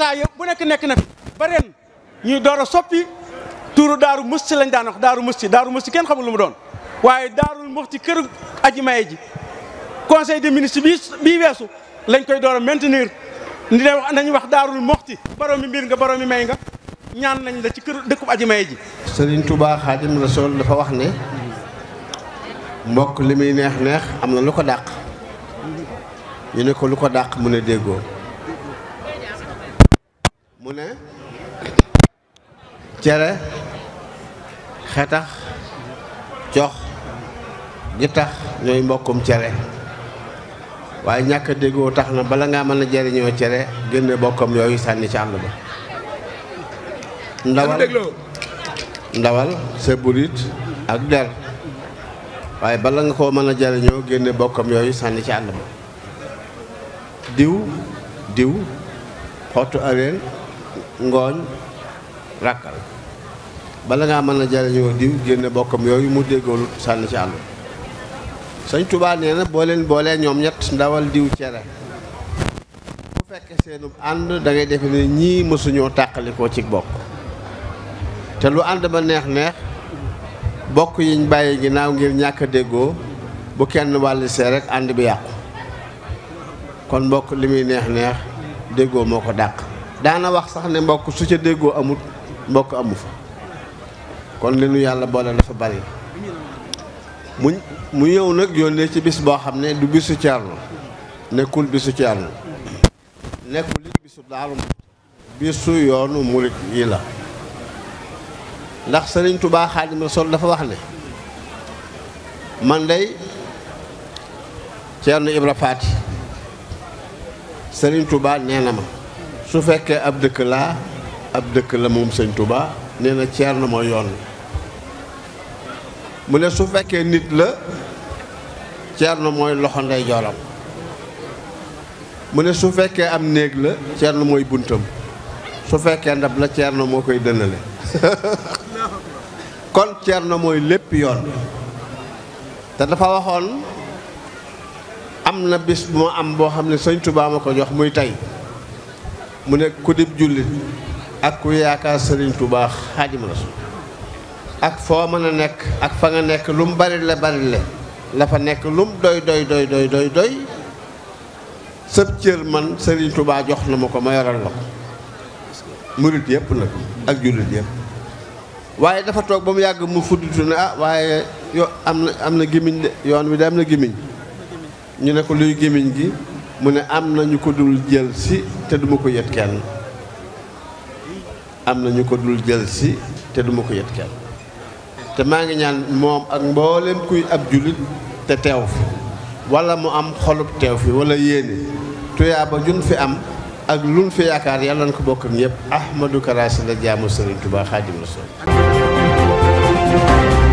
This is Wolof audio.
état yëpp bu nekk nekk na fi ba ñuy door soppi tuuru daaru musti lañ daan wax daaru musti daaru musti kenn xamul lu mu doon waaye daarul ci kër aji maye ji conseil des ministres bi bii weesu lañ koy door a maintenir ndi ne wax nañu wax daarul musti borom mi mbir nga borom mi may nga ñaan nañ la ci kër dëkkub aji maye ji Serigne Touba na Rasoul dafa wax ne mbokk li muy neex neex am na lu ko dàq ñu ne ko lu ko dàq mu ne déggoo mu ne cere xetax cox tax ñooy mbokkum cere waaye ñàkk a déggoo tax na bala ngaa mën a jariñoo cere génne bokkam yooyu sànni ci àll ba ndawal ndawal sa burit ak der waaye bala nga koo mën a jariñoo génne bokkam yooyu sànni ci àll ba diw diw xottu areen ngooñ ràkkal bala ngaa mën a jariñoo diw génne bokkam yooyu mu déggoolu sànni ci àll sëñ Tuubaa nee na boo leen boolee ñoom ñett ndawal diw cere bu fekkee seenum ànd da ngay defe ne ñii mësuñoo tàqalikoo ci bokk te lu ànd ba neex neex bokk yiñ bàyyi ginnaaw ngir ñàkk déggoo bu kenn wàllisee rekk ànd bi yàqu kon mbokk li muy neex neex déggoo moo ko dàq daana wax sax ne mbokk su ca déggoo amut mbokk amu fa kon li nu yàlla boole dafa bari mu mu ñëw nag yónnee ci bis boo xam ne du bisu Ceerno nekkul bisu Ceerno nekkul it bisu Daaru yoonu murit yi la ndax Sëriñ Tubaa Xaadimu sol dafa wax ne man day Ceerno Ibra Faati Sëriñ Tubaa nee na ma su fekkee ab dëkk laa ab dëkk la moom sëñ Touba nee na Ceerno mooy yoon mu ne su fekkee nit la na mooy loxo ndeyjooram mu ne su fekkee am néeg la Ceerno mooy buntam su fekkee ndab la Ceerno moo koy dënale kon na mooy lépp yoon te dafa waxoon am na bis bu ma am boo xam ne sëñ Touba ma ko jox muy tey mu ne ku jullit ak ku yaakaar sëriñ Tuubaa Xaadimu Rasuul ak foo mën a nekk ak fa nga nekk lu mu la bari la la fa nekk lum doy doy doy doy doy doy sëb cër man sëriñ tubaa jox na ma ko ma yoral la ko murit yëpp nag ak jullit yëpp waaye dafa toog ba mu yàgg mu fudditu ne ah waaye yo am na am na gémmiñ de yoon wi de am na gémmiñ ñu ne ko luy gémmiñ gi mu ne am na ñu ko dul jël si te duma ko yet kenn am na ñu ko dul jël si te duma ko yet kenn te maa ngi ñaan moom ak mboolem kuy ab jullit te teew fi wala mu am xolub teew fi wala yéene tuyaaba jun fi am ak lun fi yaakaar yàlla na ko bokk ak ñëpp Ahmadou Kara Sylla la jaamu Sëriñ Tuubaa Xaadimu Rasuul